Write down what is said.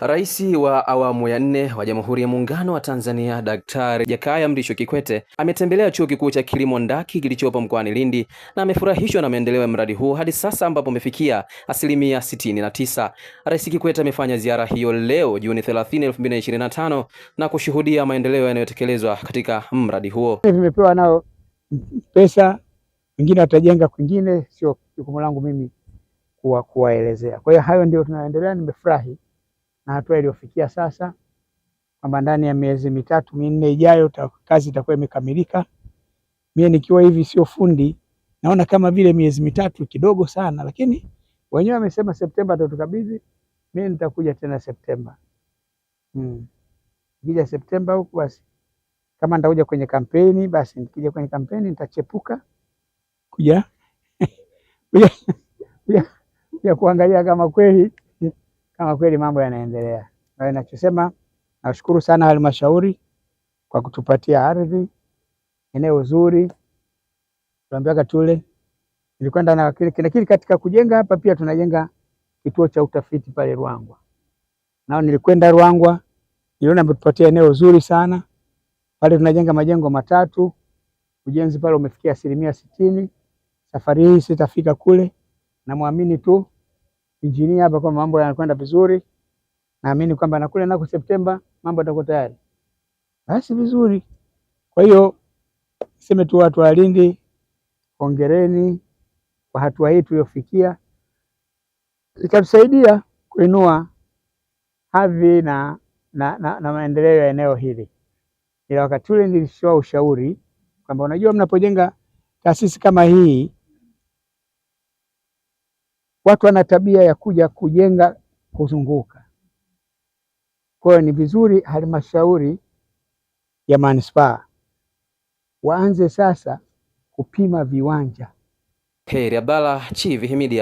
Rais wa awamu ya nne wa Jamhuri ya Muungano wa Tanzania Daktari Jakaya Mrisho Kikwete ametembelea Chuo Kikuu cha Kilimo Ndaki kilichopo mkoani Lindi na amefurahishwa na maendeleo ya mradi huu hadi sasa ambapo umefikia asilimia sitini na tisa. Rais Kikwete amefanya ziara hiyo leo Juni 30, 2025 na kushuhudia maendeleo yanayotekelezwa katika mradi huo. Vimepewa nao pesa, wengine watajenga kwingine, sio jukumu langu mimi kuwaelezea. Kwa hiyo hayo ndio tunaendelea, nimefurahi na hatua iliyofikia sasa kwamba ndani ya miezi mitatu minne ijayo kazi itakuwa imekamilika. Mimi nikiwa hivi sio fundi, naona kama vile miezi mitatu kidogo sana, lakini wenyewe wamesema Septemba atatukabidhi. Mimi nitakuja tena Septemba. Hmm. Kija Septemba huku basi, kama nitakuja kwenye kampeni basi, nikija kwenye kampeni nitachepuka kuja kuja kuangalia kama kweli kama kweli mambo yanaendelea. Na ninachosema nachosema, nashukuru sana halmashauri kwa kutupatia ardhi, eneo zuri, tuambiaga tule. Nilikwenda na kile katika kujenga hapa pia tunajenga kituo cha utafiti pale Ruangwa, nao nilikwenda Ruangwa, niliona ametupatia eneo zuri sana pale, tunajenga majengo matatu. Ujenzi pale umefikia asilimia sitini. Safari hii sitafika kule, namwamini tu injinia hapa kwa mambo yanakwenda vizuri, naamini kwamba na kule nako Septemba mambo yatakuwa tayari. Basi vizuri. Kwa hiyo sema tu watu wa Lindi, hongereni kwa hatua hii tuliyofikia, itatusaidia kuinua hadhi na, na, na, na maendeleo ya eneo hili. Ila wakati ule nilitoa ushauri kwamba unajua, mnapojenga taasisi kama hii Watu wana tabia ya kuja kujenga kuzunguka. Kwa hiyo ni vizuri halmashauri ya manispaa waanze sasa kupima viwanja. Heri Abdalla, Chivihi Media.